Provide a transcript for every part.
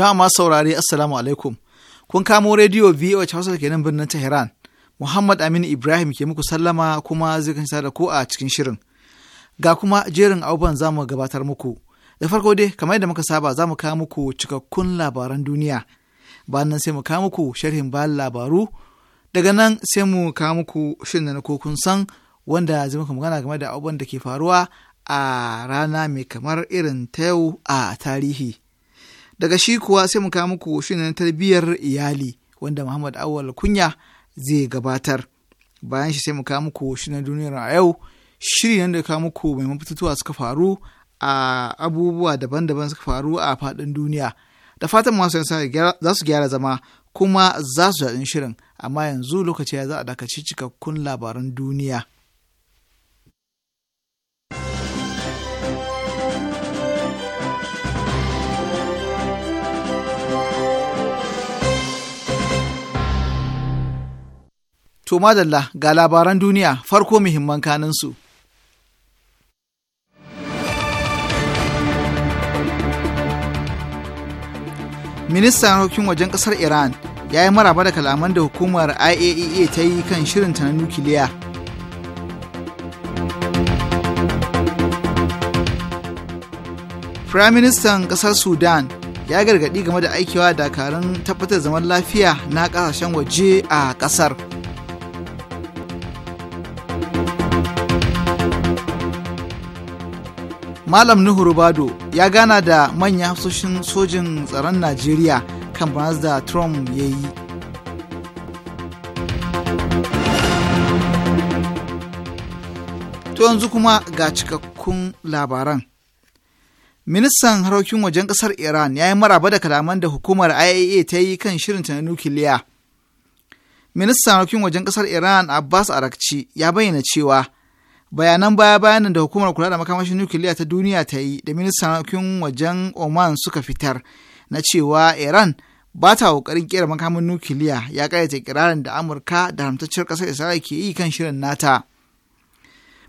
Jama'a masu saurari Assalamu alaikum. Kun kamo rediyo VOH Hausa ke nan birnin Tehran. Muhammad Aminu Ibrahim ke muku sallama kuma zai kanci da ku a cikin shirin. Ga kuma jerin auban za mu gabatar muku. Da farko dai kamar yadda muka saba za mu kawo muku cikakkun labaran duniya. Bayan nan sai mu kawo muku sharhin bayan labaru. Daga nan sai mu kawo muku shirin na kun san wanda zai muka magana game da abubuwan da ke faruwa a rana mai kamar irin ta yau a tarihi. daga shi kuwa sai mu kawo muku shirin tarbiyyar iyali wanda muhammad awal kunya zai gabatar bayan shi sai mu kawo muku shirin duniyar a yau shiri nan da kawo muku mai mafitutuwa suka faru a abubuwa daban-daban suka faru a faɗin duniya da fatan masu yansa za su gyara zama kuma za su daɗin shirin amma yanzu lokaci ya za a dakaci cikakkun labaran duniya. To madalla ga labaran duniya farko muhimman kaninsu. Ministan harkokin wajen ƙasar Iran ya yi maraba da kalaman da hukumar IAEA e ta yi kan shirinta na nukiliya. Firaministan ƙasar Sudan ya gargaɗi game da aikewa dakarun tabbatar zaman lafiya na ƙasashen waje a ƙasar. Malam Nuhu Rubado ya gana da manyan hafsoshin sojin tsaron Najeriya kan banas da Trump ya yi. To yanzu kuma ga cikakkun labaran. Ministan harokin wajen ƙasar Iran ya yi maraba da kalaman da hukumar IAEA ta yi kan shirinta na nukiliya. Ministan harokin wajen ƙasar Iran Abbas Arakci ya bayyana cewa bayanan baya bayanan da hukumar kula da makamashin nukiliya ta duniya ta yi da ministan wajen oman suka fitar na cewa iran ba ta kokarin kera makamin nukiliya ya kayyata kirarin da amurka da haramtacciyar kasar isra'ila ke yi kan shirin nata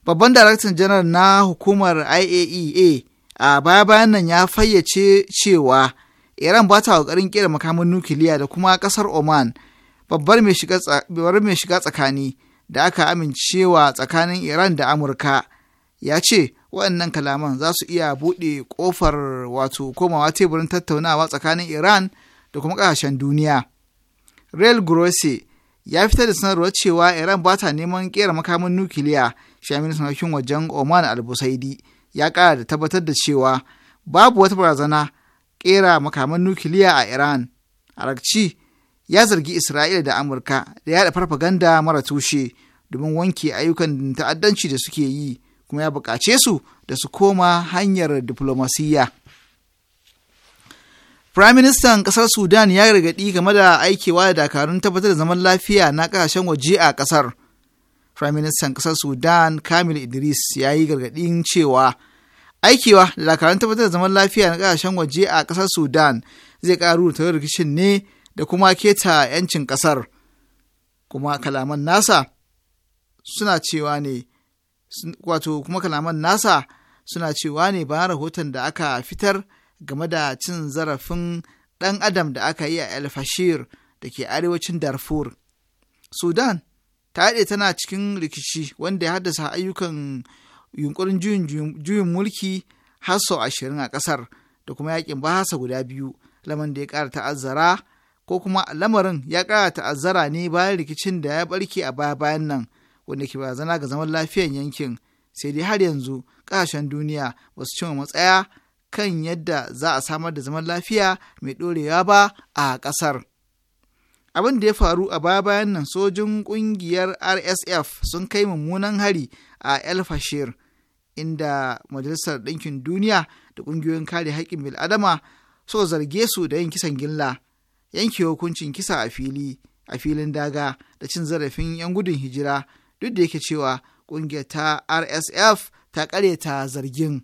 babban daraktan janar na hukumar iaea e a baya bayan nan ya fayyace cewa iran ba ta kokarin kera makamin nukiliya da kuma kasar oman babbar mai shiga tsakani da aka amincewa tsakanin Iran da Amurka ya ce waɗannan kalaman za su iya buɗe ƙofar wato komawa teburin tattaunawa tsakanin Iran da kuma ƙasashen duniya. Real Grosse ya fitar da sanarwar cewa Iran ba ta neman ƙera makamin nukiliya shamin sanakin wajen Oman al-Busaidi ya ƙara da tabbatar da cewa babu wata barazana ƙera makamin nukiliya a Iran. Arakci ya zargi Isra'ila da Amurka da yada farfaganda mara tushe domin wanke ayyukan ta'addanci da suke yi kuma ya buƙace su da su koma hanyar diflomasiyya. Firayim Ministan ƙasar Sudan ya gargaɗi game da aikewa da dakarun tabbatar da zaman lafiya na ƙasashen waje a ƙasar. Firayim Ministan ƙasar Sudan Kamil Idris ya yi gargaɗin cewa aikewa da dakarun tabbatar da zaman lafiya na ƙasashen waje a ƙasar Sudan zai ƙaru da rikicin ne da kuma keta 'yancin ƙasar kuma kalaman nasa suna cewa ne wato kuma kalaman nasa suna cewa ne bayan rahoton da aka fitar game da cin zarafin ɗan adam da aka yi a el fashir da ke arewacin darfur sudan ta haɗe tana cikin rikici wanda ya haddasa ayyukan yunkurin juyin mulki har sau ashirin a ƙasar da kuma yakin bahasa guda biyu lamar da ya ƙara ta'azzara ko kuma lamarin ya ƙara ta'azzara ne bayan rikicin da ya barke a baya bayan nan wanda ke barazana ga zaman lafiyan yankin sai dai har yanzu ƙasashen duniya ba su cimma matsaya kan yadda za a samar da zaman lafiya mai ɗorewa ba a ƙasar. Abin da ya faru a baya bayan nan sojin ƙungiyar RSF sun kai mummunan hari a El Fashir, inda Majalisar Ɗinkin Duniya da ƙungiyoyin kare haƙƙin bil'adama so zarge su da yin kisan gilla. yanke hukuncin kisa a fili a filin daga da cin zarafin 'yan gudun hijira duk da yake cewa ƙungiyar ta rsf ta ta zargin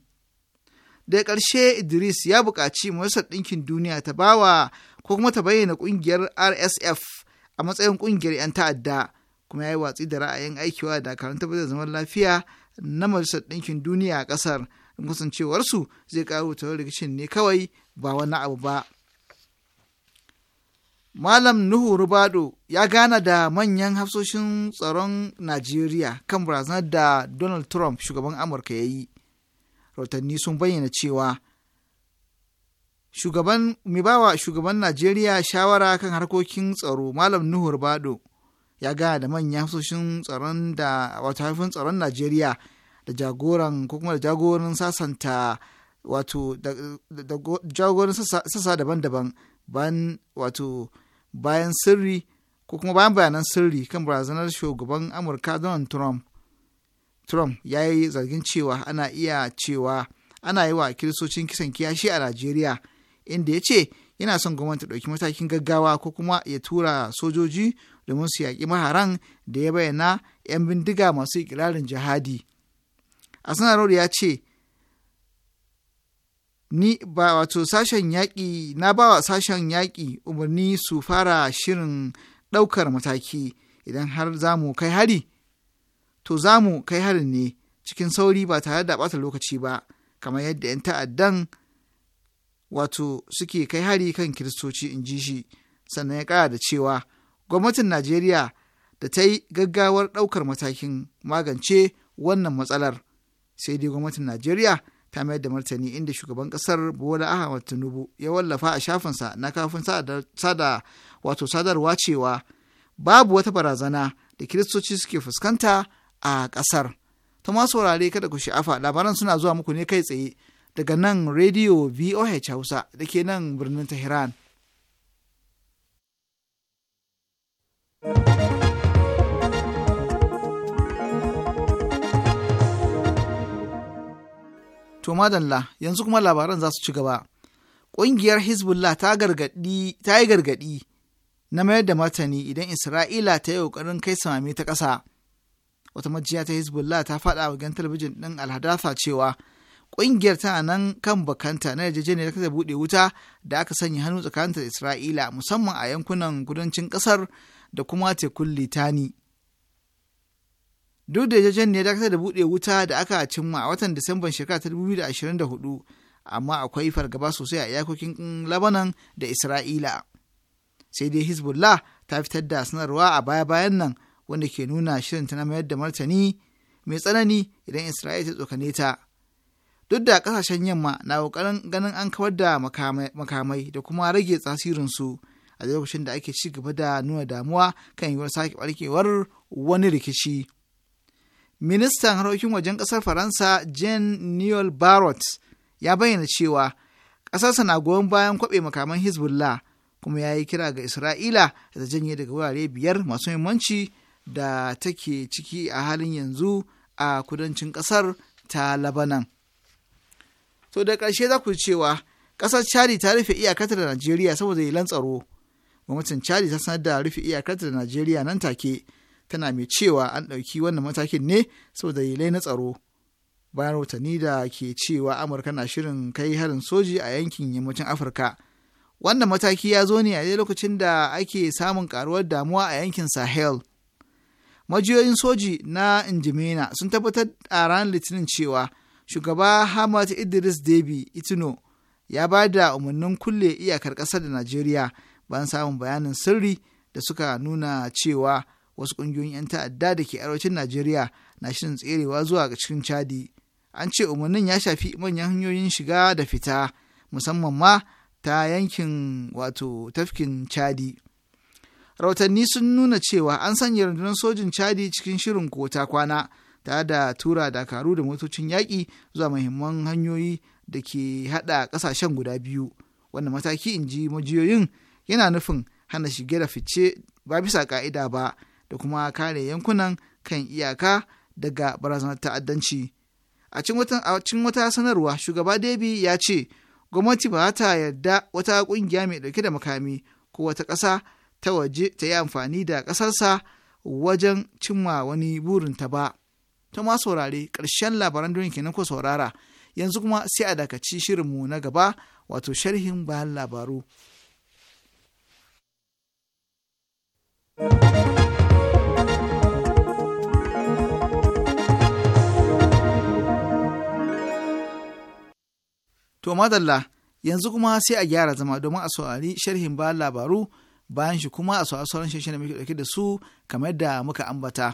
da ƙarshe idris ya buƙaci majalisar ɗinkin duniya ta bawa ko kuma ta bayyana ƙungiyar rsf a matsayin ƙungiyar 'yan ta'adda kuma ya yi watsi da ra'ayin aikiwa da karanta da zaman lafiya na majalisar ɗinkin duniya a ƙasar kasancewarsu zai ƙaro ta rikicin ne kawai ba wani abu ba. Malam Nuhu Rubado ya gana da manyan hafsoshin tsaron Najeriya kan barazanar da Donald Trump shugaban Amurka ya yi. Rautanni sun bayyana cewa shugaban mai bawa shugaban Najeriya shawara kan harkokin tsaro Malam Nuhu Rubado ya gana da manyan hafsoshin tsaron da wato haifin tsaron Najeriya da jagoran ko kuma da jagoran sasanta wato da, jagoran sasa daban-daban ban wato bayan sirri ko kuma bayan bayanan sirri kan barazanar shugaban amurka donald trump trump ya yi zargin cewa ana iya cewa ana yi wa kiristocin kisan kiyashi a najeriya inda ya ce yana son gwamnati ɗauki matakin gaggawa ko kuma ya tura sojoji domin su yaƙi maharan da ya bayyana 'yan bindiga masu ikirarin jihadi a sanarwar ya ce ni ba wato sashen yaƙi na ba wa sashen yaƙi umarni su fara shirin ɗaukar mataki idan har za mu kai hari to za mu kai harin ne cikin sauri ba tare da ɓata lokaci ba kamar yadda 'yan ta'addan wato suke kai hari kan kiristoci in ji shi sannan ya ƙara da cewa gwamnatin najeriya da ta yi gaggawar ɗaukar matakin magance wannan matsalar sai dai gwamnatin najeriya ta mayar da martani inda shugaban kasar bola ahmad tinubu ya wallafa a shafinsa na kafin sada wato sadarwa cewa babu wata barazana da kiristoci suke fuskanta a kasar ta ma saurare kada ku sha'afa labaran suna zuwa muku ne kai tsaye daga nan rediyo voh hausa da ke nan birnin tehran thank you To madalla yanzu kuma labaran za su ci gaba. Ƙungiyar Hezbollah ta yi gargaɗi na mayar da martani idan Isra'ila ta yi ƙoƙarin kai samami ta ƙasa. Wata majiya ta Hezbollah ta faɗa a gan talabijin ɗin Alhadatha cewa ƙungiyar tana nan kan bakanta na yarjejeniyar ta buɗe wuta da aka sanya hannu tsakaninta Isra'ila musamman a yankunan kudancin ƙasar da kuma tekun Litani. duk da yajen ne dakatar da buɗe wuta da aka cimma a watan disamban shekara ta 2024 amma akwai fargaba sosai a iyakokin labanan da isra'ila sai dai hezbollah ta fitar da sanarwa a baya-bayan nan wanda ke nuna shirin ta na mayar da martani mai tsanani idan isra'ila ta tsokane ta duk da kasashen yamma na kokarin ganin an kawar da makamai da kuma rage tasirinsu a lokacin da ake ci gaba da nuna damuwa kan yiwuwar sake barkewar wani rikici. Ministan harkokin wajen ƙasar Faransa Jean Noel Barrot ya bayyana cewa ƙasarsa na goyon bayan kwaɓe makaman Hezbollah kuma ya yi kira ga Isra'ila da janye daga wurare biyar masu muhimmanci da take ciki a halin yanzu a kudancin ƙasar ta Labanan. To da ƙarshe za ku cewa ƙasar Chadi ta rufe iyakarta da Najeriya saboda yi tsaro. Gwamnatin Chadi ta sanar da rufe iyakarta da Najeriya nan take tana mai cewa an ɗauki wannan matakin ne saboda dalilai na tsaro bayan rahotanni da ke cewa amurka na shirin kai harin soji a yankin yammacin afirka wannan mataki ya zo ne a lokacin da ake samun karuwar damuwa a yankin sahel majiyoyin soji na injimena sun tabbatar a ranar litinin cewa shugaba hamad idris debi itino ya ba da umarnin kulle iyakar ƙasar da najeriya bayan samun bayanin sirri da suka nuna cewa wasu ƙungiyoyin 'yan ta'adda da ke arewacin najeriya na shirin tserewa zuwa cikin chadi an ce umarnin ya shafi manyan hanyoyin shiga da fita musamman ma ta yankin wato tafkin chadi rahotanni sun nuna cewa an sanya rundunar sojin chadi cikin shirin kota kwana tare da tura dakaru da motocin yaƙi zuwa muhimman hanyoyi da ke haɗa ƙasashen guda biyu wannan mataki in ji majiyoyin yana nufin hana shige da fice ba bisa ƙa'ida ba da kuma kare yankunan kan iyaka daga barazanar ta'addanci. A cikin wata sanarwa, shugaba Debi ya ce, gwamnati ba ta yarda wata ƙungiya mai ɗauke da makami ko wata ƙasa ta waje ta yi amfani da ƙasarsa wajen cimma wani burinta ba. Ta ma saurare, ƙarshen labaran duniya kenan ko saurara, yanzu kuma sai a dakaci shirinmu na gaba, wato sharhin bayan labaru. To madalla yanzu kuma sai a gyara zama domin a saurari sharhin ba labaru bayan shi kuma a sauran shirin da muke dauke da su kamar da muka ambata.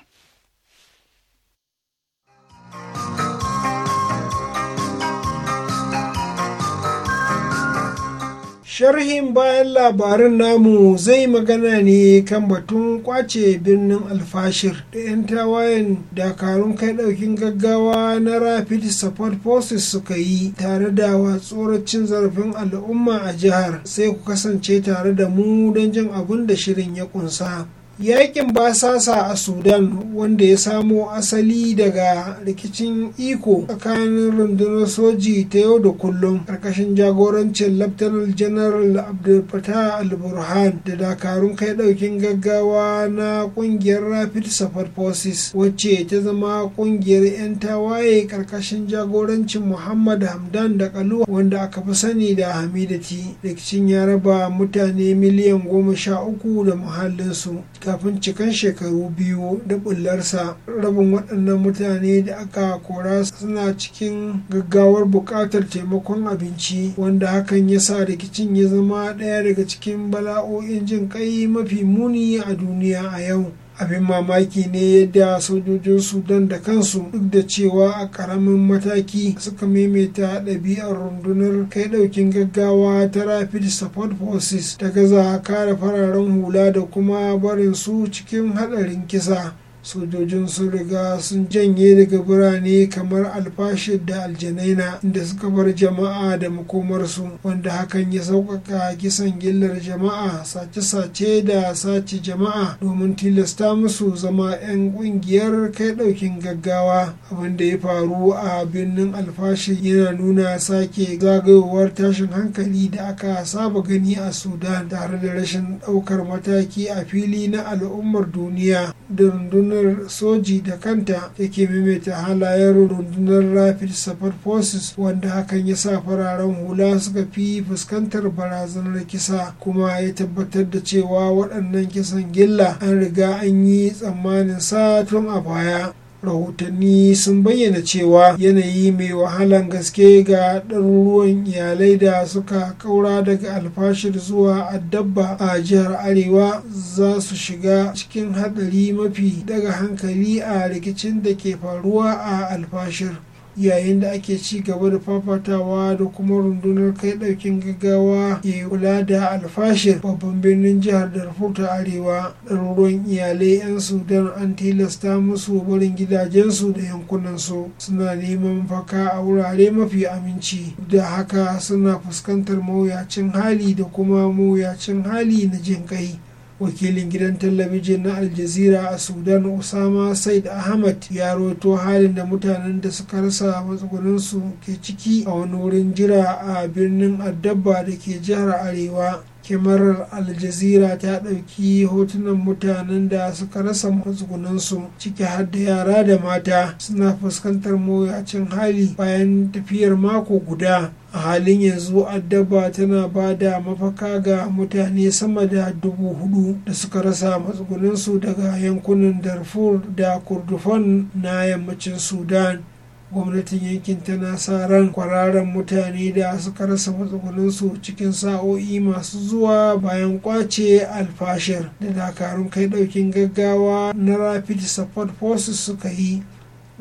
sharhin bayan labarin namu zai magana ne kan batun kwace birnin alfashir da 'yan tawayen dakarun kai daukin gaggawa na rapid support forces suka yi tare da watsuwar zarafin al'umma a jihar sai ku kasance tare da mu don jin abin da shirin ya kunsa yakin basasa a sudan wanda ya samo asali daga rikicin iko tsakanin rundunar soji ta yau da kullum karkashin jagorancin laftanar janaral abdulfatah al-burhan da dakarun kai daukin gaggawa na kungiyar rapid support forces wacce ta zama kungiyar 'yan tawaye karkashin jagorancin muhammad hamdan da kaluwa wanda aka fi sani da hamidati rikicin ya raba mutane miliyan goma sha uku da muhallinsu kafin cikan shekaru biyu da bullarsa rabin waɗannan mutane da aka kora suna cikin gaggawar buƙatar taimakon abinci wanda hakan ya sa rikicin ya zama ɗaya daga cikin bala'o'in jin ƙai mafi muni a duniya a yau abin mamaki ne yadda sojojin sudan da kansu duk da cewa a karamin mataki suka maimaita ɗabi'ar rundunar kai ɗaukin gaggawa ta rapid support forces ta gaza kare fararen hula da kuma barin su cikin haɗarin kisa sojojin sun riga sun janye daga birane kamar alfashir da aljanaina inda suka bar jama'a da makomarsu wanda hakan ya sauƙaƙa kisan gillar jama'a sace-sace da sace jama'a domin tilasta musu zama 'yan ƙungiyar kai ɗaukin gaggawa abinda ya faru a birnin alfashir yana nuna sake zagayowar tashin hankali da aka saba gani a sudan tare da rashin ɗaukar mataki a fili na al'ummar duniya da rundunar rundunar soji da kanta yake maimaita halayen rundunar rapid support forces wanda hakan ya sa fararen hula suka fi fuskantar barazanar kisa kuma ya tabbatar da cewa waɗannan kisan gilla an riga an yi tsammanin sa tun a baya rahotanni sun bayyana cewa yanayi mai wahalan gaske ga ɗaruruwan iyalai da suka kaura daga alfashir zuwa addabba a jihar arewa za su shiga cikin haɗari mafi daga hankali a rikicin da ke faruwa a alfashir yayin da ake ci gaba da fafatawa da kuma rundunar kai daukin gaggawa ke kula da alfashir babban birnin jihar darfur ta arewa ɗaruruwan iyalai 'yan sudan an tilasta musu barin gidajensu da yankunansu suna neman faka a wurare mafi aminci da haka suna fuskantar mawuyacin hali da kuma mawuyacin hali na jin kai wakilin gidan talabijin na aljazira a sudan Usama said ahmad ya roto halin da mutanen da suka rasa matsugunansu ke ciki a wani wurin jira a birnin addabba da ke jihar arewa kyamarar aljazira ta ɗauki hotunan mutanen da suka rasa matsugunansu ciki har da yara da mata suna fuskantar mawuyacin hali bayan tafiyar mako guda a halin yanzu addaba tana ba da mafaka ga mutane sama da dubu hudu da suka rasa matsugunansu daga yankunan darfur da kurdufan na yammacin sudan gwamnatin yankin tana sa ran kwararan mutane da suka rasa matsugunansu cikin sa'o'i masu zuwa bayan kwace alfashir da dakarun kai daukin gaggawa na rapid support forces suka yi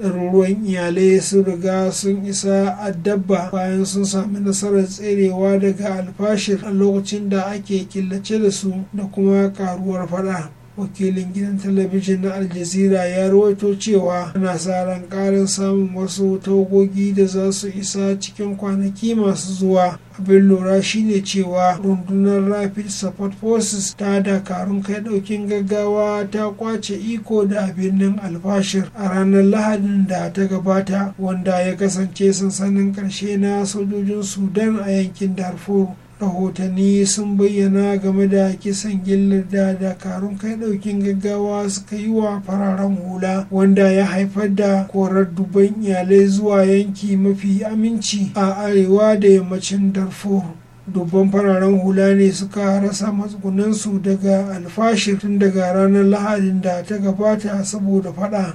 ɗaruruwan iyalai sun riga sun isa a dabba. bayan sun sami nasarar tserewa daga alfashir a lokacin da ake killace da su da kuma karuwar fada wakilin gidan talabijin na aljazira ya rawaito cewa ana sa ran karin samun wasu tagogi da za su isa cikin kwanaki masu zuwa abin lura shine cewa rundunar rapid support forces ta dakarun kai daukin gaggawa ta kwace iko da birnin albashir a ranar lahadin da ta gabata wanda ya kasance sansanin karshe na sojojin sudan a yankin darfur rahotanni sun bayyana game da kisan gillar da dakarun kai daukin gaggawa suka yi wa fararen hula wanda ya haifar da korar dubban iyalai zuwa yanki mafi aminci a arewa da yammacin darfur dubban fararen hula ne suka rasa matsugunansu daga alfashir tun daga ranar lahadin da ta gabata saboda fada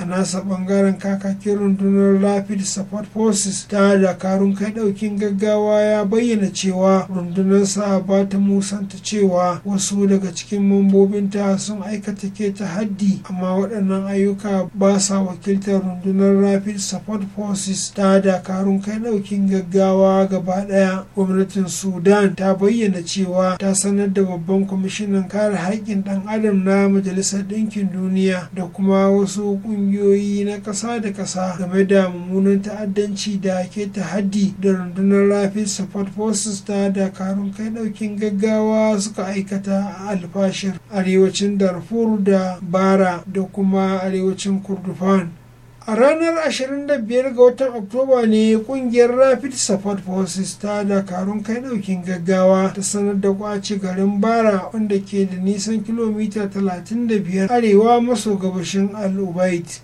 a nasa bangaren kakakin rundunar rapid support forces ta dakarun kai daukin gaggawa ya bayyana cewa rundunarsa ba ta musanta cewa wasu daga cikin mambobinta sun aikata ke ta haddi amma waɗannan ayyuka ba sa wakiltar rundunar rapid support forces ta dakarun kai daukin gaggawa gaba ɗaya gwamnatin sudan ta bayyana cewa ta sanar da babban kwamishinan kare haƙƙin ɗan adam na majalisar ɗinkin duniya da kuma wasu ƙungiyoyi kungiyoyi na ƙasa da ƙasa game da mummunan ta'addanci da ke ta haddi da rundunar rapid support forces ta dakarun kai ɗaukin gaggawa suka aikata a alfashir arewacin darfur da bara da kuma arewacin kurdufan a ranar 25 ga watan oktoba ne kungiyar rapid support forces ta dakarun kai daukin gaggawa ta sanar da kwace garin bara wanda ke da nisan kilomita 35 arewa maso gabashin al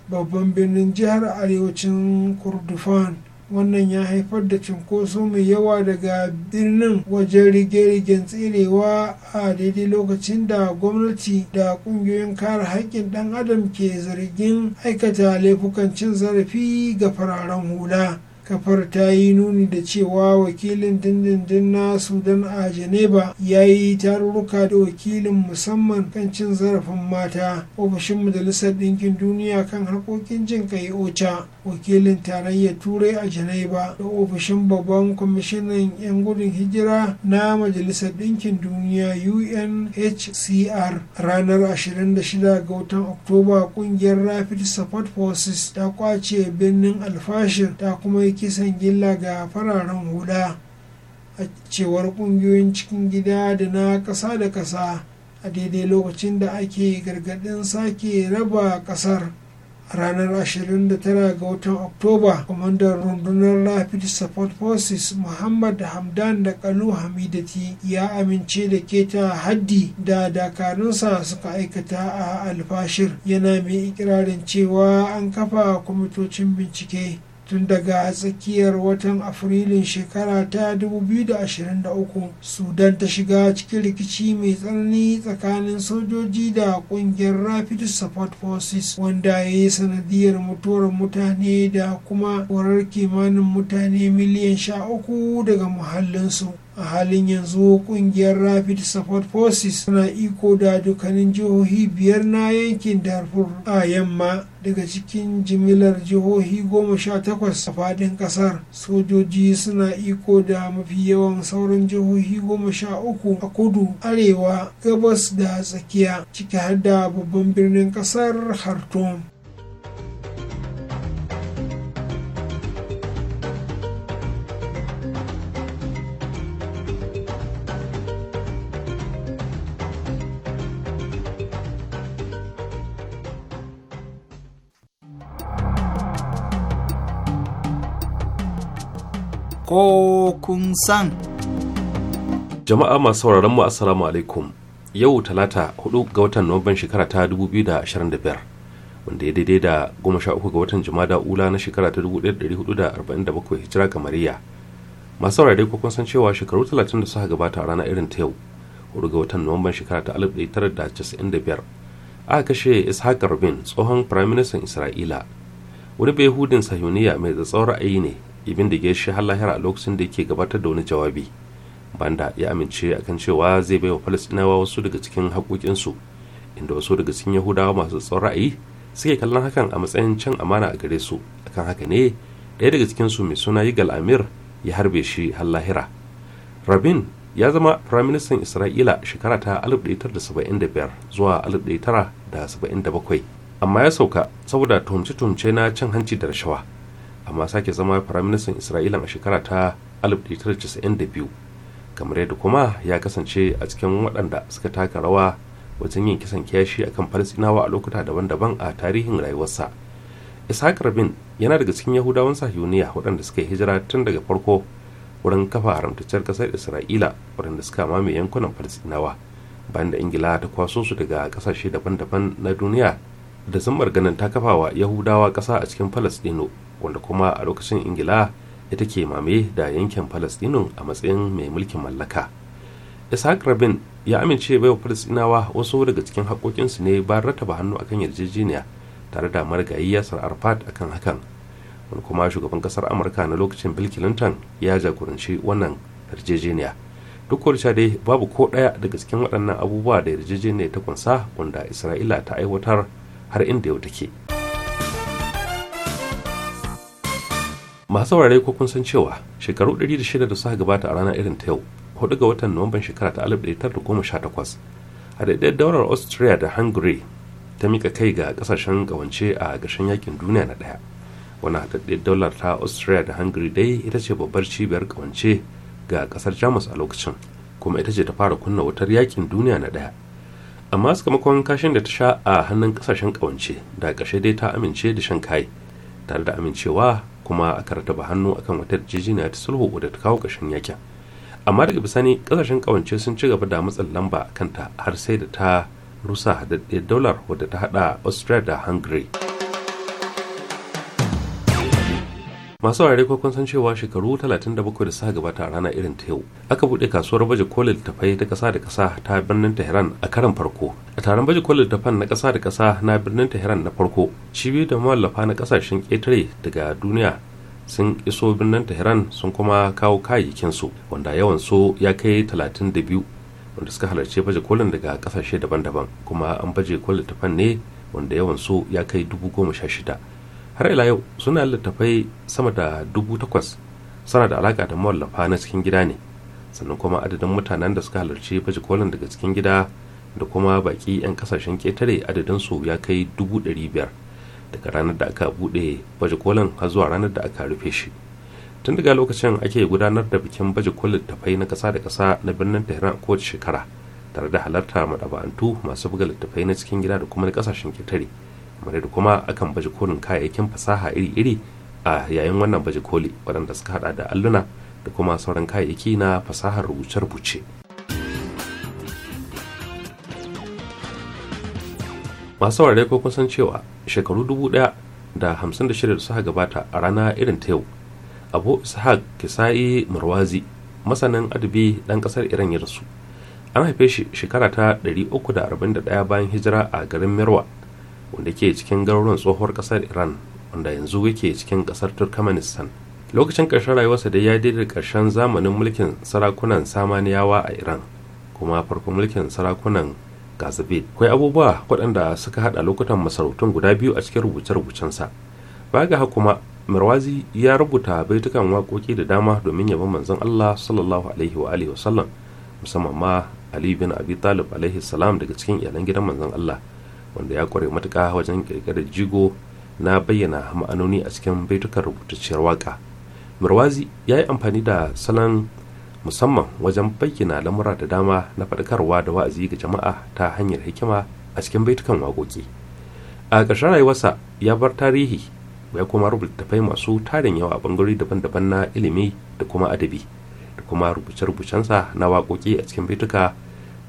babban birnin jihar arewacin kurdufan wannan ya haifar da cinkoso mai yawa daga birnin wajen rige-rigen tserewa a daidai lokacin da gwamnati da kungiyoyin kare haƙƙin ɗan adam ke zargin aikata laifukan cin zarafi ga fararen hula kafar ta yi nuni da cewa wakilin dindindin na sudan a geneva ya yi tarurruka da wakilin musamman kan cin zarafin mata ofishin majalisar ɗinkin duniya kan harkokin jin kai ocha wakilin tarayyar turai a geneva da ofishin babban kwamishinan 'yan gudun hijira na majalisar ɗinkin duniya unhcr ranar 26 ga watan oktoba ƙungiyar rapid support forces ta kwace birnin alfashir ta kuma kisan gilla ga fararen hula a cewar kungiyoyin cikin gida da na ƙasa da ƙasa a daidai lokacin da ake gargaɗin sake raba ƙasar a ranar 29 ga watan oktoba kwamandan rundunar rapid support forces muhammad hamdan da kalu hamidati ya amince da keta haddi da dakarunsa suka aikata a alfashir yana mai ikirarin cewa an kafa kwamitocin bincike tun daga tsakiyar watan afrilun shekara ta 2023 sudan ta shiga cikin rikici mai tsanani tsakanin sojoji da kungiyar rapid support forces wanda ya yi sanadiyar mutuwar mutane da kuma korar kimanin mutane miliyan 13 daga muhallinsu a halin yanzu kungiyar rapid support forces tana iko da dukkanin jihohi biyar na yankin darfur a yamma daga cikin jimilar jihohi goma sha takwas a fadin kasar sojoji suna iko da mafi yawan sauran jihohi goma sha uku a kudu arewa gabas da tsakiya ciki har da babban birnin kasar khartoum ko kun san. Jama'a masu sauraron mu Assalamu alaikum. Yau Talata 4 ga watan Nuwamban shekara ta 2025 wanda ya daidai da 13 ga watan Jumada Ula na shekara ta 1447 Hijira ga Mariya. Masu saurare ko kun san cewa shekaru 30 da suka gabata a rana irin ta yau 4 ga watan Nuwamban shekara ta 1995 aka kashe Ishaq Rabin tsohon Firaministan Isra'ila. Wani bai hudin sahiyoniya mai tsatsauran ra'ayi ne ya da shi har lahira a lokacin da yake gabatar da wani jawabi banda ya amince akan cewa zai bai wa falastinawa wasu daga cikin haƙoƙinsu inda wasu daga cikin yahudawa masu tsawon ra'ayi suke kallon hakan a matsayin cin amana a gare su akan haka ne ɗaya daga cikin su mai suna yi amir ya harbe shi har lahira rabin ya zama firaministan isra'ila shekara ta 1975 zuwa 1977 amma ya sauka saboda tuhumce-tuhumce na cin hanci da rashawa amma sake zama firaministan isra'ila a shekara ta 1992 kamar yadda kuma ya kasance a cikin waɗanda suka taka rawa wajen yin kisan kiyashi akan falasinawa a lokuta daban-daban a tarihin rayuwarsa ishaq rabin yana daga cikin yahudawan sahiyuniya waɗanda suka yi hijira tun daga farko wurin kafa haramtacciyar ƙasar isra'ila waɗanda suka mamaye yankunan farisinawa bayan da ingila ta kwaso su daga ƙasashe daban-daban na duniya da sun ganin ta kafawa yahudawa ƙasa a cikin falasɗinu wanda kuma a lokacin ingila ita ke mamaye da yankin falastino a matsayin mai mulkin mallaka ishaq rabin ya amince bai wa falastinawa wasu daga cikin haƙoƙinsu ne bayan rataba hannu akan yarjejeniya tare da marigayi yasar arfat akan hakan wani kuma shugaban ƙasar amurka na lokacin bill clinton ya jagoranci wannan yarjejeniya duk wani dai babu ko ɗaya daga cikin waɗannan abubuwa da yarjejeniya ta kunsa wanda isra'ila ta aiwatar har inda yau take masu saurare ko kun san cewa shekaru 106 da suka gabata a ranar irin ta yau ko ga watan nuwamban shekara ta 1918 a daidai daular austria da hungary ta mika kai ga kasashen kawance a gashin yakin duniya na daya wani haɗaɗɗiyar daular ta austria da hungary dai ita ce babbar cibiyar kawance ga kasar jamus a lokacin kuma ita ce ta fara kunna wutar yakin duniya na daya amma sakamakon kashin da ta sha a hannun kasashen kawance da kashe dai ta amince da shan kai tare da amincewa kuma aka rataba hannu akan wata jijina ta sulhu da ta kawo ƙashin yakin amma daga bisani kasashen kawance sun ci gaba da matsin lamba kanta har sai da ta rusa da daular wadda ta hada austria da hungary masu ware ko kun san cewa shekaru 37 da suka gabata a rana irin ta yau aka bude kasuwar baje kolin littafai ta kasa da kasa ta birnin tehran a karan farko a taron baje kolin littafan na kasa da kasa na birnin tehran na farko Cibi da mallafa na kasashen ƙetare daga duniya sun iso birnin tehran sun kuma kawo kayayyakin su. wanda yawan su ya kai 32 wanda suka halarci baje kolin daga kasashe daban-daban kuma an baje kolin littafan ne wanda yawan su ya kai dubu goma sha shida har ila yau suna littattafai sama da dubu takwas suna da alaka da mawallafa na cikin gida ne sannan kuma adadin mutanen da suka halarci baje kolin daga cikin gida da kuma baƙi 'yan kasashen ketare adadin su ya kai dubu ɗari biyar daga ranar da aka buɗe baje kolin har zuwa ranar da aka rufe shi tun daga lokacin ake gudanar da bikin baje kolin littattafai na ƙasa da ƙasa na birnin tehran kowace shekara tare da halarta madaba'antu masu buga littattafai na cikin gida da kuma na ƙasashen ketare kamar da kuma akan baje kolin kayayyakin fasaha iri-iri a yayin wannan baje koli waɗanda suka hada da alluna da kuma sauran kayayyaki na fasahar rubuce-rubuce masu ware ko kun san cewa shekaru dubu ɗaya da hamsin da shirya da suka gabata a rana irin ta yau abu ishaq kisa'i marwazi masanin adabi ɗan ƙasar iran ya rasu an haife shi shekara ta 341 bayan hijira a garin merwa wanda ke cikin garuruwan tsohuwar kasar iran wanda yanzu yake cikin kasar turkmenistan lokacin ƙarshen rayuwarsa da ya daidai ƙarshen zamanin mulkin sarakunan samaniyawa a iran kuma farkon mulkin sarakunan Gazabe. akwai abubuwa waɗanda suka haɗa lokutan masarautun guda biyu a cikin rubuce-rubucensa ba ga kuma marwazi ya rubuta baitukan waƙoƙi da dama domin yabon manzon allah sallallahu alaihi wa alihi musamman ma ali bin abi talib alaihi salam daga cikin iyalan gidan manzon allah wanda ya kware matuka wajen kirkirar jigo na bayyana ma'anoni a cikin baitukan rubutacciyar waƙa mirwazi ya yi amfani da salon musamman wajen bayyana lamura da dama na faɗakarwa da wa'azi ga jama'a ta hanyar hikima a cikin baitukan waƙoƙi a ƙarshen rayuwarsa ya bar tarihi ya kuma rubuta fai masu tarin yawa a bangarori daban-daban na ilimi da kuma adabi da kuma rubuce-rubucensa na waƙoƙi a cikin baituka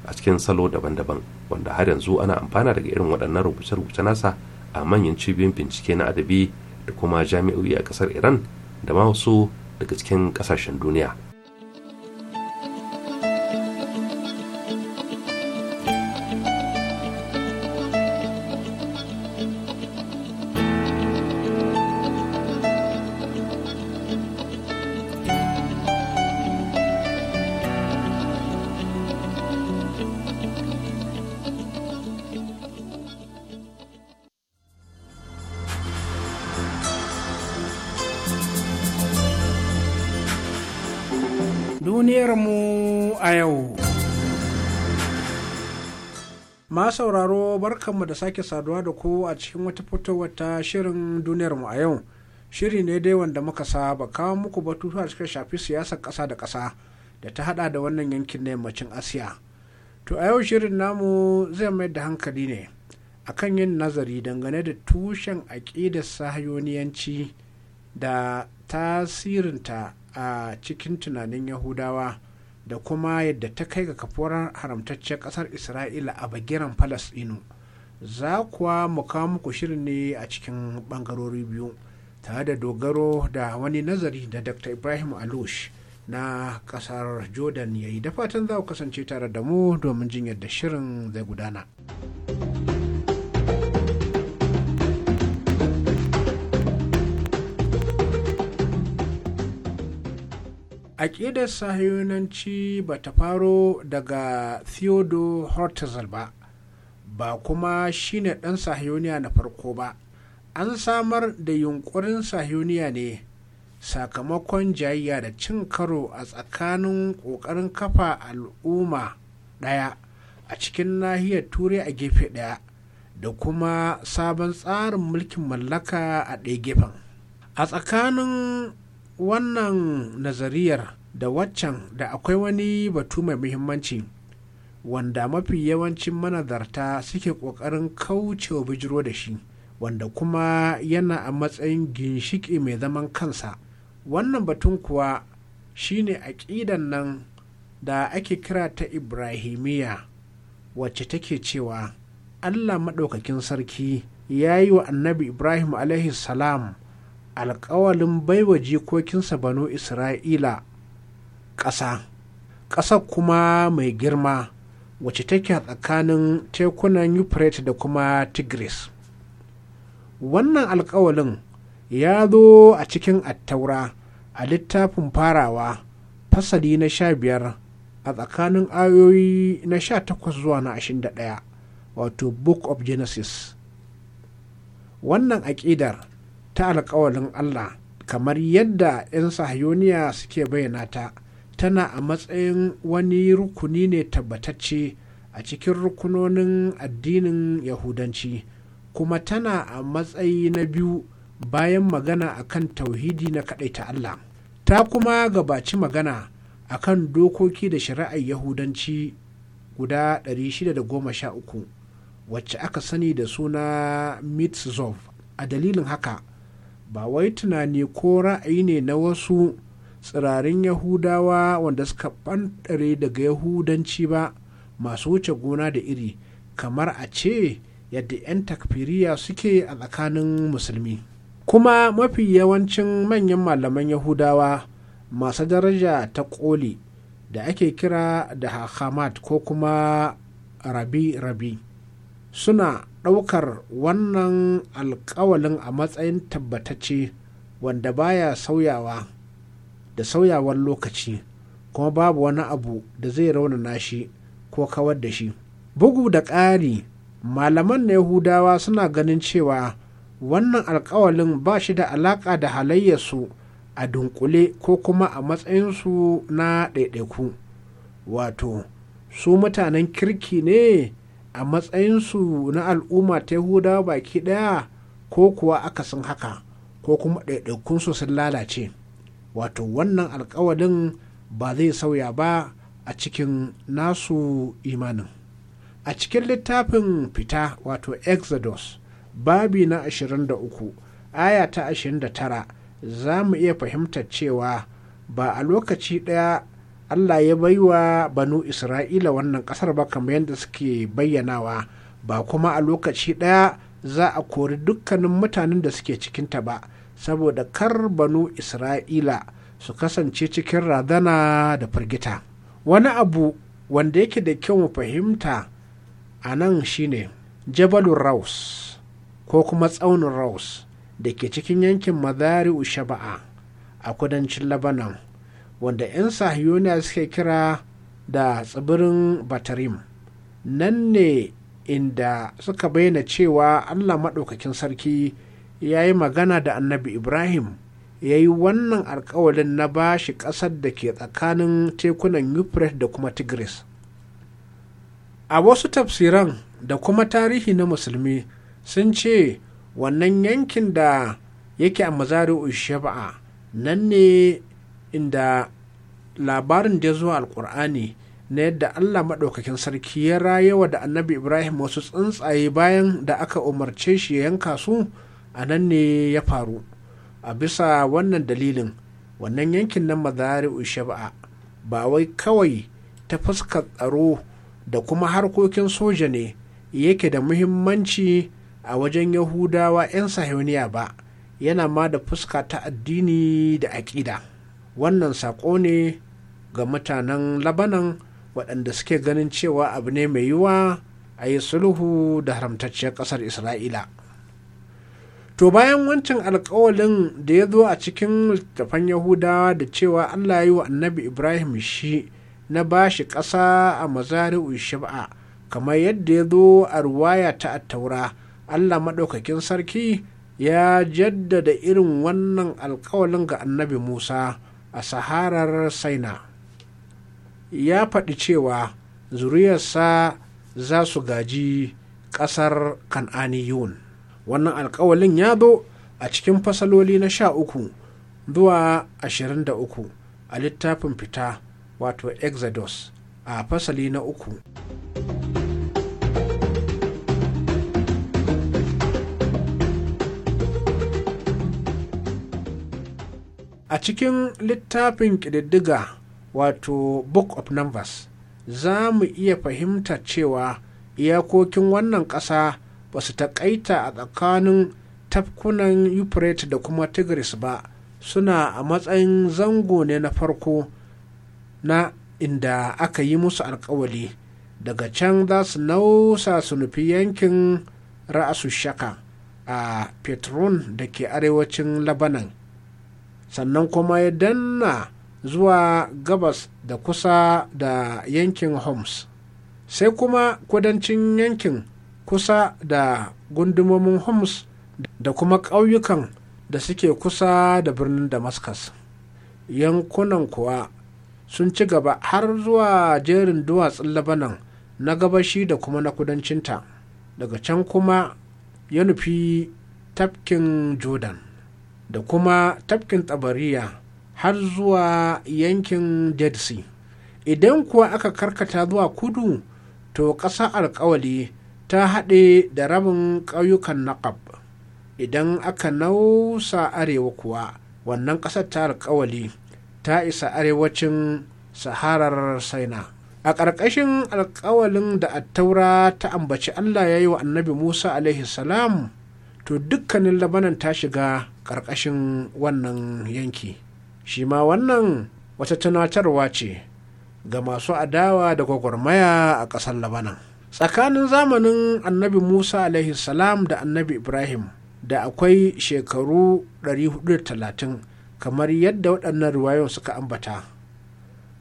a cikin salo daban-daban wanda har yanzu ana amfana daga irin waɗannan rubuce-rubuce nasa a manyan cibiyoyin bincike na adabi da kuma jami'o'i a ƙasar iran da ma wasu daga cikin ƙasashen duniya mu a yau. Ma sauraro barkanmu da sake saduwa da ku a cikin wata fitowar ta shirin mu a yau. Shiri ne dai wanda muka saba kawo muku batu a cikin shafi siyasar ƙasa da ƙasa da ta hada da wannan yankin na yammacin Asiya. To a yau shirin namu zai mai da hankali ne akan yin nazari dangane da tushen aƙidar sahayoniyanci da tasirinta a cikin tunanin yahudawa da kuma yadda ta kai ga kafuwar haramtaccen ƙasar isra'ila a bagiran falasɗinu za kuwa mu kawo muku shirin ne a cikin ɓangarori biyu tare da dogaro da wani nazari da dr ibrahim alush na ƙasar jordan ya yi da fatan za ku kasance tare da mu domin jin yadda shirin zai gudana. aƙidar sahiyonanci ba ta faro daga theodore hortzel ba ba kuma shine ɗan sahiyoniya na farko ba an samar da yunkurin sahiyoniya ne sakamakon jayayya da cin karo a tsakanin ƙoƙarin kafa al'umma ɗaya a cikin nahiyar turai a gefe ɗaya da kuma sabon tsarin mulkin mallaka a ɗaya gefen a tsakanin wannan nazariyar da waccan da akwai wani batu mai muhimmanci wanda mafi yawancin manazarta suke ƙoƙarin kaucewa bijiro da shi wanda kuma yana a matsayin ginshiƙi mai zaman kansa wannan batun kuwa shine aƙidan nan da ake kira ta ibrahimiya wacce take cewa allah maɗaukakin sarki ya yi wa annabi ibrahim salam alkawalin baiwa jikokinsa banu isra'ila ƙasa ƙasa kuma mai girma wacce take tsakanin tekunan euphrates da kuma tigris wannan alkawalin ya zo a cikin attaura a littafin farawa fasali na sha biyar a tsakanin ayoyi na sha takwas zuwa na ashirin da ɗaya wato book of genesis wannan aƙidar ta alkawalin Allah kamar yadda 'yan sahayoniya suke bayyana ta tana a matsayin wani rukuni ne tabbatacce a cikin rukunonin addinin yahudanci kuma tana a matsayi na biyu bayan magana akan tauhidi na ta Allah ta kuma gabaci magana akan dokoki da shari'ar yahudanci guda 613 wacce aka sani da suna mitzvot a dalilin haka ba wai tunani ko ra'ayi ne na wasu tsirarin yahudawa wanda suka ɓantare daga yahudanci ba masu wuce gona da iri kamar a ce yadda 'yan takfiriya suke a tsakanin musulmi kuma mafi yawancin manyan malaman yahudawa masu daraja ta koli da ake kira da hamad ko kuma rabi-rabi suna ɗaukar wannan alkawalin a matsayin tabbatacce wanda baya sauyawa da sauyawar lokaci kuma babu wani abu da zai raunana shi ko kawar da shi bugu da ƙari malaman na yahudawa suna ganin cewa wannan alkawalin ba shi da alaƙa da halayyarsu a dunkule ko kuma a matsayinsu na ɗaiɗaiku wato su mutanen kirki ne a matsayinsu na al'umma ta yahuda baki ɗaya ko kuwa akasin haka ko kuma ɗaiɗaikunsu sun lalace wato wannan alkawalin ba zai sauya ba a cikin nasu imanin a cikin littafin fita wato exodus babi na 23 aya ta 29 za mu iya fahimtar cewa ba a lokaci ɗaya allah ya bai wa banu isra'ila wannan ƙasar ba kamar yadda suke bayyanawa ba kuma a lokaci ɗaya za a kori dukkanin mutanen da suke cikinta ba saboda kar banu isra'ila su kasance cikin radana da firgita wani abu wanda yake da kyau mu fahimta a nan shine jabalun raus ko kuma tsaunin raus da ke cikin yankin mazari'u shaba'a a kudancin labanan wanda 'yan sahiyoniya suke kira da tsibirin batarim nan ne inda suka bayyana cewa allah maɗaukakin sarki ya yi magana da annabi ibrahim ya yi wannan alkawalin na ba shi ƙasar da ke tsakanin tekunan euphrates da kuma tigris a wasu tafsiran da kuma tarihi na musulmi sun ce wannan yankin da yake a mazari'u shaba'a nan ne inda labarin da ya zuwa alkur'ani na yadda allah maɗaukakin sarki ya rayewa da annabi ibrahim wasu tsuntsaye bayan da aka umarce shi ya yanka su a nan ne ya faru a bisa wannan dalilin wannan yankin na mazari shaba'a ba wai kawai ta fuskar tsaro da kuma harkokin soja ne yake da muhimmanci a wajen yahudawa 'yan sahiyoniya ba yana ma da fuska ta addini da aƙida. wannan saƙo ne ga mutanen labanan waɗanda suke ganin cewa abu ne mai yiwa a yi sulhu da haramtacciyar ƙasar isra'ila to bayan wancan alkawalin da ya zo a cikin littattafan yahudawa da cewa allah yi wa annabi ibrahim shi na ba shi ƙasa a mazari'u shab'a kamar yadda ya zo a ruwaya ta attaura allah maɗaukakin sarki ya jaddada irin wannan alkawalin ga annabi musa a saharar saina ya faɗi cewa zuriyarsa za su gaji ƙasar kan'aniyun wannan alkawalin ya zo a cikin fasaloli na sha uku zuwa ashirin da uku a littafin fita wato exodus a fasali na uku. a cikin littafin ƙididdiga wato book of numbers za mu iya fahimta cewa iyakokin wannan ƙasa ba su taƙaita a tsakanin tafkunan euphrates da kuma tigris ba suna a matsayin zango ne na farko na inda aka yi musu alkawali daga can za su nausa su nufi yankin ra'asu shaka a petron da ke arewacin labanan sannan kuma ya danna zuwa gabas da kusa da yankin homs sai kuma kudancin yankin kusa da gundumomin homs da kuma ƙauyukan da suke kusa da birnin damascus yankunan kuwa sun ci gaba har zuwa jerin duwatsun labanan na gabashi da kuma na kudancinta daga can kuma ya nufi tafkin jordan da kuma tafkin tsabariya har zuwa yankin dead sea idan kuwa aka karkata zuwa kudu to ƙasa alkawali ta haɗe da rabin ƙauyukan naƙab idan aka nausa arewa kuwa wannan ƙasar ta alkawali ta isa arewacin saharar saina a ƙarƙashin alkawalin da attaura ta ambaci allah ya yi wa annabi musa alaihi salam to dukkanin labanan ta shiga ƙarƙashin wannan yanki shi ma wannan wata tunatarwa ce ga masu adawa da gwagwarmaya a ƙasar labanan tsakanin zamanin annabi musa salam da annabi ibrahim da akwai shekaru 430 kamar yadda waɗannan riwayoyin suka ambata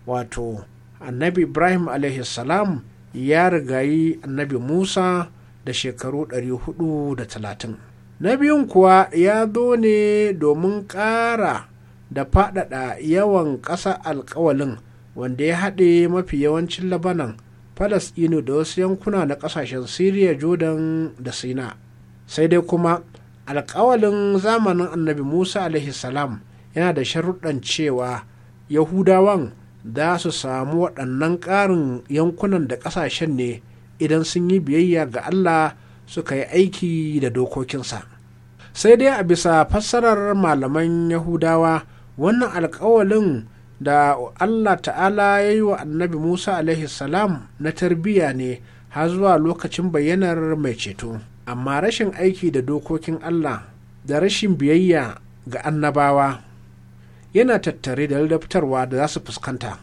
wato annabi ibrahim salam ya rigayi annabi musa da shekaru 430 na biyun kuwa ya zo ne domin ƙara da faɗaɗa yawan ƙasa alkawalin wanda ya haɗe mafi yawancin labanan falasɗinu da wasu yankuna na ƙasashen siriya jordan da sina sai dai kuma alkawalin zamanin annabi musa salam yana da sharuɗan cewa yahudawan za su samu waɗannan ƙarin yankunan da ƙasashen ne idan sun yi biyayya ga allah suka yi aiki da dokokinsa sai dai a bisa fassarar malaman yahudawa wannan alkawalin da allah ta'ala ya yi wa annabi musa salam na tarbiyya ne har zuwa lokacin bayyanar mai ceto amma rashin aiki da dokokin allah da rashin biyayya ga annabawa yana tattare da ladabtarwa da za su fuskanta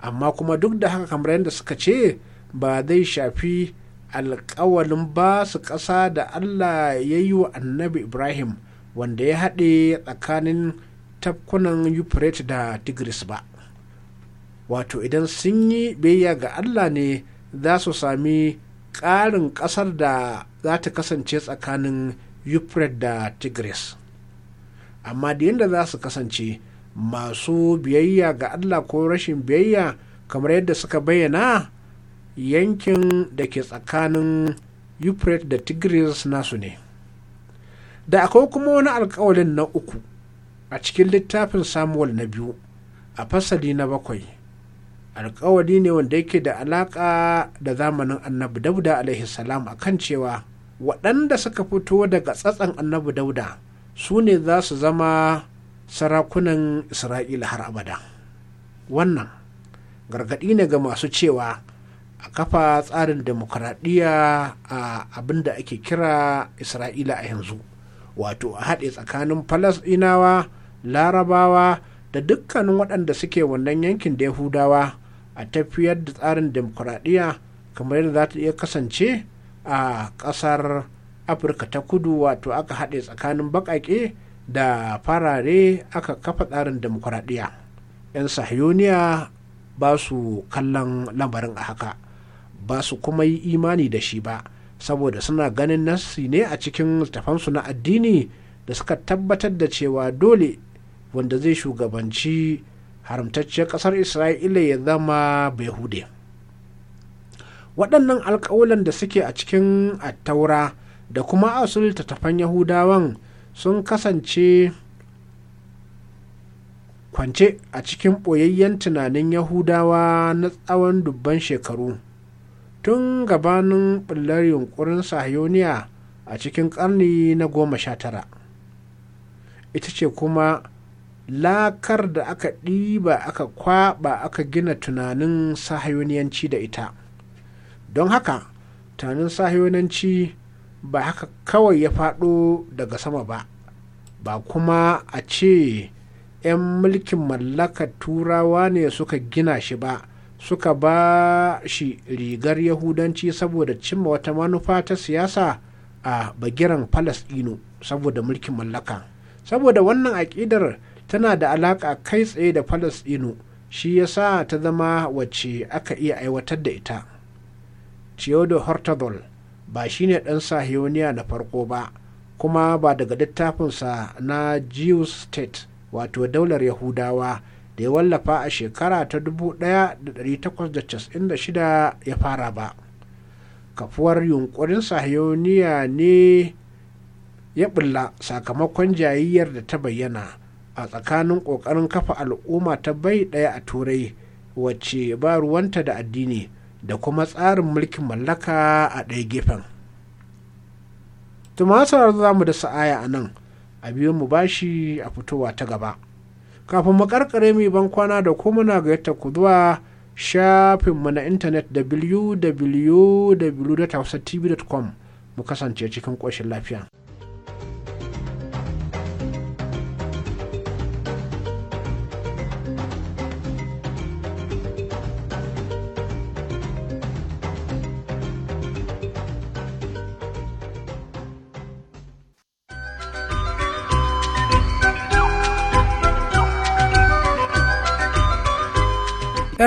amma kuma duk da haka kamar yadda suka ce ba zai shafi alkawalin ba su ƙasa da allah ya yi wa annabi ibrahim wanda ya haɗe tsakanin tafkunan euphrates da tigris ba wato idan sun yi biyayya ga allah ne za su sami ƙarin ƙasar da za ta kasance tsakanin euphrates da tigris amma da yadda za su kasance masu biyayya ga allah ko rashin biyayya kamar yadda suka bayyana yankin da ke tsakanin euphrates da tigris nasu ne da akwai kuma wani alkawalin na uku a cikin littafin samuel na biyu a fasali na bakwai alkawali ne wanda yake da alaka da zamanin annabi dauda alaihi salam akan cewa waɗanda suka fito daga tsatsan annabi dauda su ne za su zama sarakunan isra'ila har abada wannan gargaɗi ne ga masu cewa kafa tsarin demokuraɗiyya a abin da ake kira isra'ila a yanzu wato a haɗe tsakanin falasɗinawa larabawa da dukkanin waɗanda suke wannan yankin da yahudawa a tafiyar da tsarin demokuraɗiyya kamar yadda za ta iya kasance a ƙasar afirka ta kudu wato aka haɗe tsakanin baƙaƙe da farare aka kafa tsarin demokuraɗiyya 'yan sahiyoniya ba su kallon lamarin a haka ba su kuma yi imani da shi ba saboda suna ganin nasi ne a cikin tafansu na addini da suka tabbatar da cewa dole wanda zai shugabanci haramtacciyar ƙasar isra'ila ya zama behude waɗannan alƙawulan da suke a cikin attaura da kuma asul tafan yahudawan sun kasance kwance a cikin ɓoyayyen tunanin yahudawa na tsawon dubban shekaru tun gabanin ɓullar yunkurin sahayoniya a cikin ƙarni na goma sha tara ita ce kuma lakar da aka ɗiba aka kwaɓa aka gina tunanin sahayoniyanci da ita don haka tunanin sahayoniyanci ba haka kawai ya faɗo daga sama ba ba kuma a ce 'yan mulkin mallakar turawa ne suka gina shi ba suka ba shi rigar yahudanci saboda cimma wata manufa ta siyasa a bagiran falasɗinu saboda mulkin mallaka saboda wannan aƙidar tana da alaƙa kai tsaye da falasɗinu shi ya sa ta zama wacce aka iya aiwatar da ita Theodore Hortadol ba shine ɗan sahioniya na farko ba kuma ba daga littafinsa na jews State wato daular Yahudawa da ya wallafa a shekara ta 1896 ya fara ba kafuwar yunkurin sahiyoniya ne ya bulla sakamakon jayayyar da ta bayyana a tsakanin ƙoƙarin kafa al'umma ta bai ɗaya a turai wacce ba ruwanta da addini da kuma tsarin mulkin mallaka a ɗaya gefen tumasar za mu da sa'aya a nan a biyu mu bashi a fitowa ta gaba kafin mu karkare mai ban kwana da ko muna gayyata ku zuwa shafinmu na intanet www.hausatv.com mu kasance cikin ƙoshin lafiya.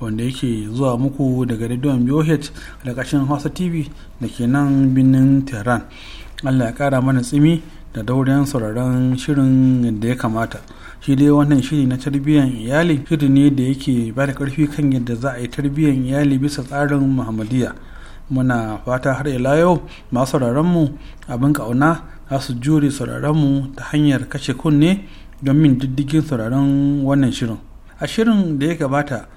wanda yake zuwa muku daga rediyon BOH da kashin Hausa TV da ke nan birnin Tehran. Allah ya kara mana tsimi da daurin sauraron shirin da ya kamata. Shi dai wannan shiri na tarbiyyar iyali shiri ne da yake ba da karfi kan yadda za a yi tarbiyyar iyali bisa tsarin Muhammadiyya. Muna fata har ila yau masu mu abin kauna za su jure mu ta hanyar kashe kunne don min diddigin sauraron wannan shirin. A shirin da ya gabata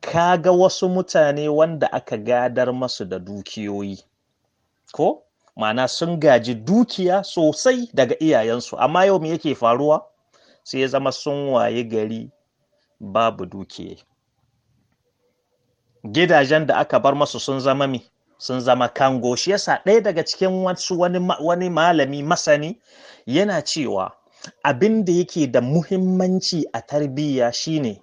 ka ga wasu mutane wanda aka gadar masu da dukiyoyi ko mana sun gaji dukiya sosai daga iyayensu amma yau me yake faruwa sai ya zama sun waye gari babu dukiya gidajen da aka bar masu sun zama mi sun zama kango shi yasa ɗaya daga cikin wasu wani, wani malami masani yana cewa abin da yake da muhimmanci a tarbiyya shine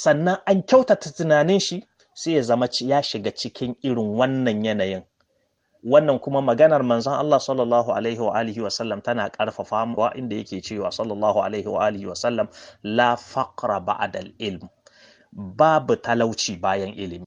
sannan an kyautata tunanin shi sai ya zama ya shiga cikin irin wannan yanayin wannan kuma maganar manzon Allah sallallahu alaihi wa alihi wa sallam tana karfafa wa inda yake cewa sallallahu alaihi wa alihi wa sallam la faqra ba'da ilm babu talauci bayan ilimi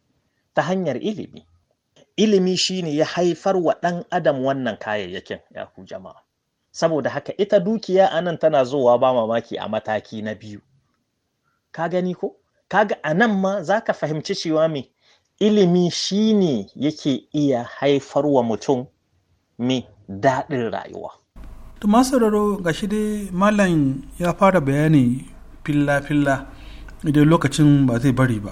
ta hanyar ilimi ilimi shi ne ya haifar wa ɗan adam wannan kayayyakin ya ku jama'a saboda haka ita dukiya a nan tana zowa ba mamaki a mataki na biyu ka gani ko ga a nan ma za ka fahimci cewa me ilimi shi ne yake iya haifar wa mutum me daɗin rayuwa to sauraro ga shi dai malam ya fara bayani filla-filla idan lokacin ba zai bari ba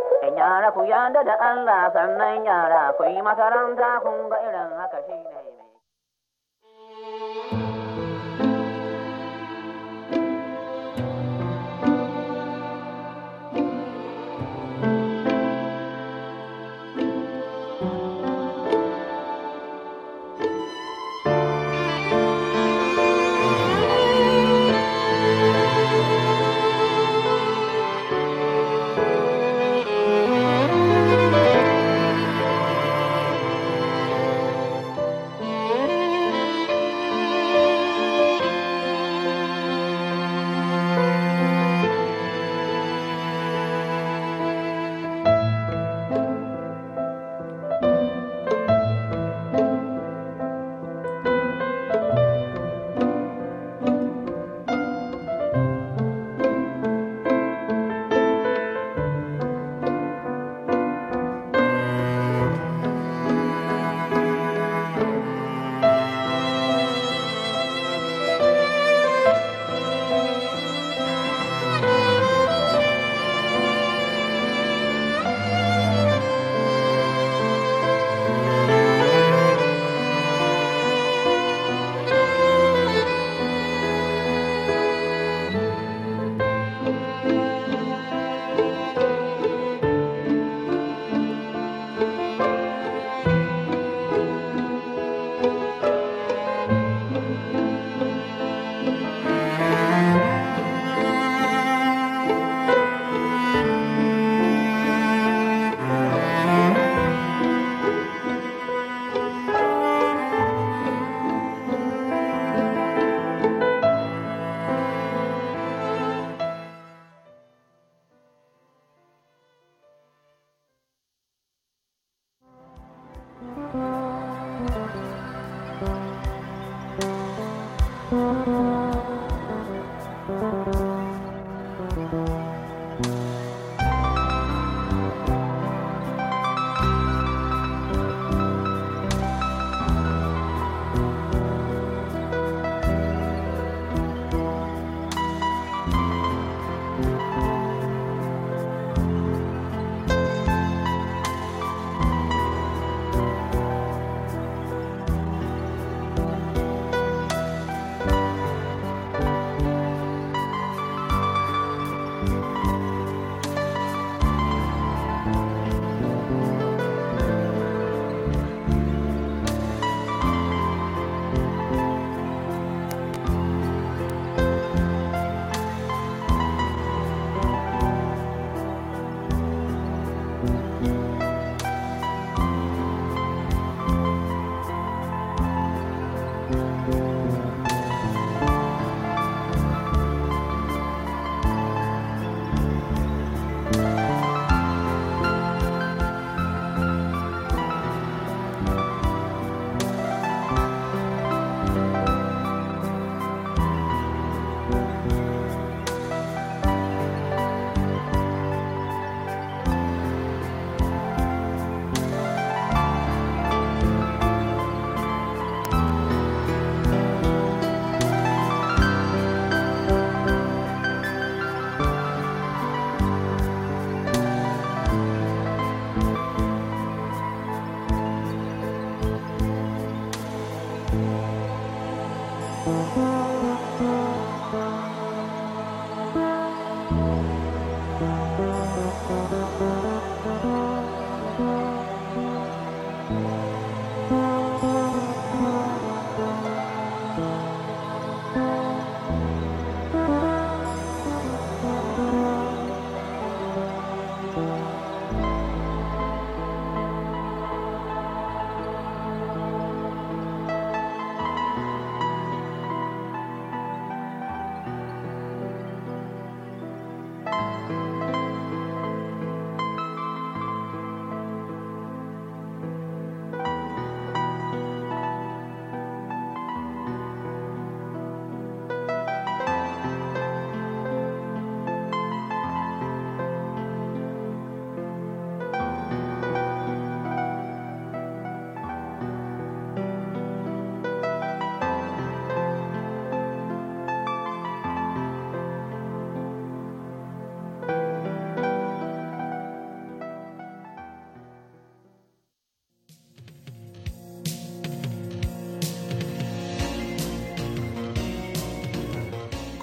Yara ku yada da Allah sannan yara ku yi makaranta kun ga irin haka shi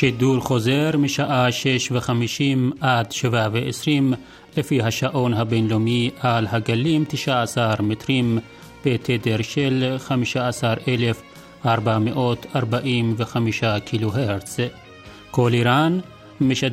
שידור חוזר משעה 6 ו עד 7 ו לפי השעון הבינלאומי על הגלים 19 מטרים בתדר של 15,445 קילו הרץ. כל איראן,